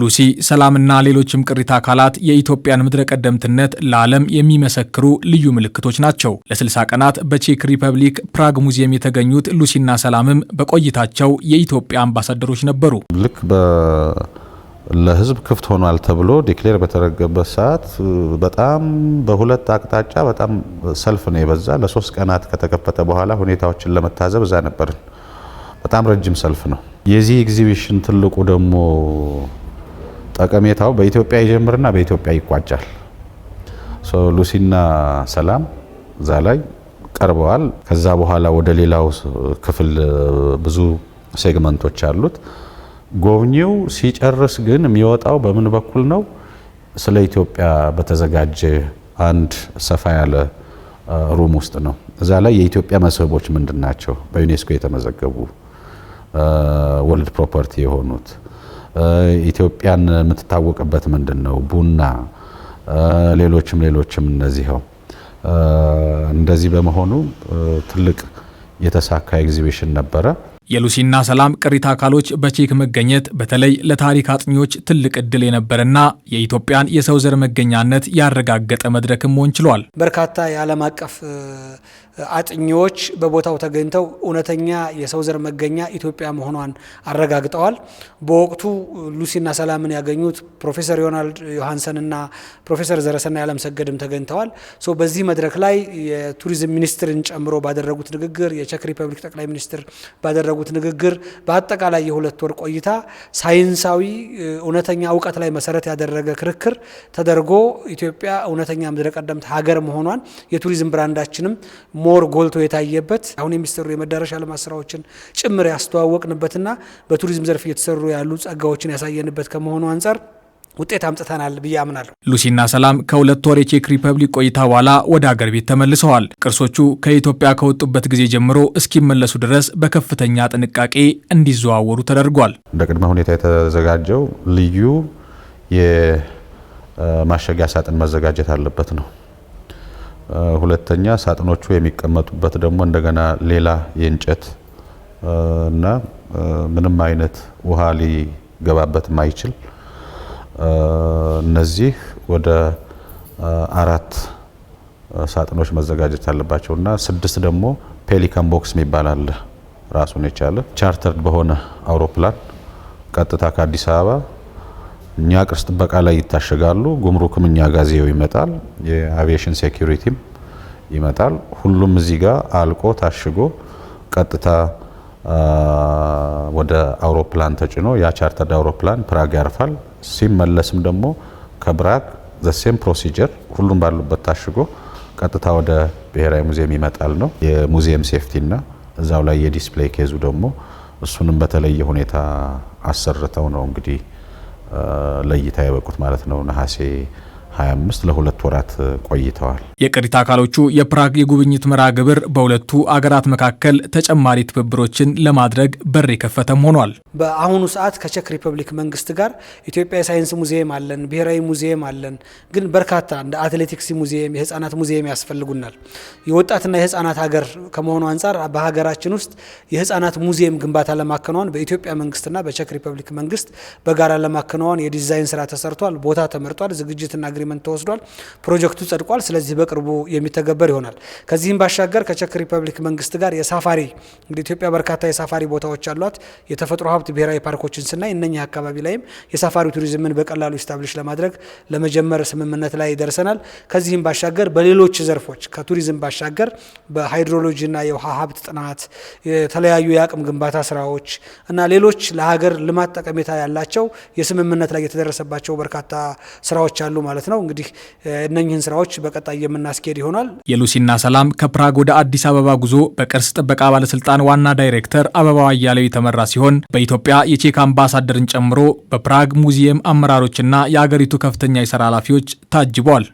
ሉሲ ሰላምና ሌሎችም ቅሪተ አካላት የኢትዮጵያን ምድረ ቀደምትነት ለዓለም የሚመሰክሩ ልዩ ምልክቶች ናቸው። ለ60 ቀናት በቼክ ሪፐብሊክ ፕራግ ሙዚየም የተገኙት ሉሲና ሰላምም በቆይታቸው የኢትዮጵያ አምባሳደሮች ነበሩ። ልክ ለህዝብ ክፍት ሆኗል ተብሎ ዲክሌር በተደረገበት ሰዓት በጣም በሁለት አቅጣጫ በጣም ሰልፍ ነው የበዛ። ለሶስት ቀናት ከተከፈተ በኋላ ሁኔታዎችን ለመታዘብ እዛ ነበርን። በጣም ረጅም ሰልፍ ነው። የዚህ ኤግዚቢሽን ትልቁ ደግሞ ጠቀሜታው በኢትዮጵያ ይጀምርና በኢትዮጵያ ይቋጫል። ሉሲና ሰላም እዛ ላይ ቀርበዋል። ከዛ በኋላ ወደ ሌላው ክፍል ብዙ ሴግመንቶች አሉት። ጎብኚው ሲጨርስ ግን የሚወጣው በምን በኩል ነው? ስለ ኢትዮጵያ በተዘጋጀ አንድ ሰፋ ያለ ሩም ውስጥ ነው። እዛ ላይ የኢትዮጵያ መስህቦች ምንድን ናቸው? በዩኔስኮ የተመዘገቡ ወርልድ ፕሮፐርቲ የሆኑት ኢትዮጵያን የምትታወቅበት ምንድን ነው? ቡና፣ ሌሎችም ሌሎችም እነዚህው እንደዚህ በመሆኑ ትልቅ የተሳካ ኤግዚቢሽን ነበረ። የሉሲና ሰላም ቅሪተ አካሎች በቼክ መገኘት በተለይ ለታሪክ አጥኚዎች ትልቅ እድል የነበረና የኢትዮጵያን የሰው ዘር መገኛነት ያረጋገጠ መድረክም መሆን ችሏል። በርካታ የዓለም አቀፍ አጥኚዎች በቦታው ተገኝተው እውነተኛ የሰው ዘር መገኛ ኢትዮጵያ መሆኗን አረጋግጠዋል። በወቅቱ ሉሲና ሰላምን ያገኙት ፕሮፌሰር ዮናልድ ዮሐንሰንና ፕሮፌሰር ዘረሰናይ አለምሰገድም ተገኝተዋል። በዚህ መድረክ ላይ የቱሪዝም ሚኒስትርን ጨምሮ ባደረጉት ንግግር፣ የቼክ ሪፐብሊክ ጠቅላይ ሚኒስትር ባደረጉት ንግግር፣ በአጠቃላይ የሁለት ወር ቆይታ ሳይንሳዊ እውነተኛ እውቀት ላይ መሰረት ያደረገ ክርክር ተደርጎ ኢትዮጵያ እውነተኛ ምድረ ቀደምት ሀገር መሆኗን የቱሪዝም ብራንዳችንም ሞር ጎልቶ የታየበት አሁን የሚሰሩ የመዳረሻ ልማት ስራዎችን ጭምር ያስተዋወቅንበትና በቱሪዝም ዘርፍ እየተሰሩ ያሉ ጸጋዎችን ያሳየንበት ከመሆኑ አንጻር ውጤት አምጥተናል ብዬ አምናለሁ። ሉሲና ሰላም ከሁለት ወር የቼክ ሪፐብሊክ ቆይታ በኋላ ወደ አገር ቤት ተመልሰዋል። ቅርሶቹ ከኢትዮጵያ ከወጡበት ጊዜ ጀምሮ እስኪመለሱ ድረስ በከፍተኛ ጥንቃቄ እንዲዘዋወሩ ተደርጓል። ቅድመ ሁኔታ የተዘጋጀው ልዩ የማሸጊያ ሳጥን መዘጋጀት አለበት ነው ሁለተኛ ሳጥኖቹ የሚቀመጡበት ደግሞ እንደገና ሌላ የእንጨት እና ምንም አይነት ውሃ ሊገባበት ማይችል እነዚህ ወደ አራት ሳጥኖች መዘጋጀት አለባቸው እና ስድስት ደግሞ ፔሊካን ቦክስ የሚባል አለ ራሱን የቻለ ቻርተርድ በሆነ አውሮፕላን ቀጥታ ከአዲስ አበባ እኛ ቅርስ ጥበቃ ላይ ይታሸጋሉ። ጉምሩክም እኛ ጋዜው ዜው ይመጣል። የአቪዬሽን ሴኩሪቲም ይመጣል። ሁሉም እዚህ ጋር አልቆ ታሽጎ ቀጥታ ወደ አውሮፕላን ተጭኖ ያ ቻርተርድ አውሮፕላን ፕራግ ያርፋል። ሲመለስም ደግሞ ከብራግ ዘሴም ፕሮሲጀር ሁሉም ባሉበት ታሽጎ ቀጥታ ወደ ብሔራዊ ሙዚየም ይመጣል ነው የሙዚየም ሴፍቲና እዛው ላይ የዲስፕሌይ ኬዙ ደግሞ እሱንም በተለየ ሁኔታ አሰርተው ነው እንግዲህ ለእይታ የበቁት ማለት ነው ነሐሴ 25 ለሁለት ወራት ቆይተዋል። የቅሪት አካሎቹ የፕራግ የጉብኝት መርሃ ግብር በሁለቱ አገራት መካከል ተጨማሪ ትብብሮችን ለማድረግ በር የከፈተም ሆኗል። በአሁኑ ሰዓት ከቼክ ሪፐብሊክ መንግስት ጋር ኢትዮጵያ የሳይንስ ሙዚየም አለን፣ ብሔራዊ ሙዚየም አለን። ግን በርካታ እንደ አትሌቲክስ ሙዚየም፣ የህፃናት ሙዚየም ያስፈልጉናል። የወጣትና የህፃናት ሀገር ከመሆኑ አንጻር በሀገራችን ውስጥ የህፃናት ሙዚየም ግንባታ ለማከናወን በኢትዮጵያ መንግስትና በቼክ ሪፐብሊክ መንግስት በጋራ ለማከናወን የዲዛይን ስራ ተሰርቷል። ቦታ ተመርጧል። ዝግጅትና አግሪመንት ተወስዷል። ፕሮጀክቱ ጸድቋል። ስለዚህ በቅርቡ የሚተገበር ይሆናል። ከዚህም ባሻገር ከቸክ ሪፐብሊክ መንግስት ጋር የሳፋሪ እንግዲህ ኢትዮጵያ በርካታ የሳፋሪ ቦታዎች አሏት። የተፈጥሮ ሀብት ብሔራዊ ፓርኮችን ስናይ እነኚህ አካባቢ ላይም የሳፋሪ ቱሪዝምን በቀላሉ ስታብሊሽ ለማድረግ ለመጀመር ስምምነት ላይ ደርሰናል። ከዚህም ባሻገር በሌሎች ዘርፎች ከቱሪዝም ባሻገር በሃይድሮሎጂና የውሃ ሀብት ጥናት የተለያዩ የአቅም ግንባታ ስራዎች እና ሌሎች ለሀገር ልማት ጠቀሜታ ያላቸው የስምምነት ላይ የተደረሰባቸው በርካታ ስራዎች አሉ ማለት ነው። ነው። እንግዲህ እነኝህን ስራዎች በቀጣይ የምናስኬድ ይሆናል። የሉሲና ሰላም ከፕራግ ወደ አዲስ አበባ ጉዞ በቅርስ ጥበቃ ባለስልጣን ዋና ዳይሬክተር አበባው አያሌው የተመራ ሲሆን በኢትዮጵያ የቼክ አምባሳደርን ጨምሮ በፕራግ ሙዚየም አመራሮችና የአገሪቱ ከፍተኛ የስራ ኃላፊዎች ታጅቧል።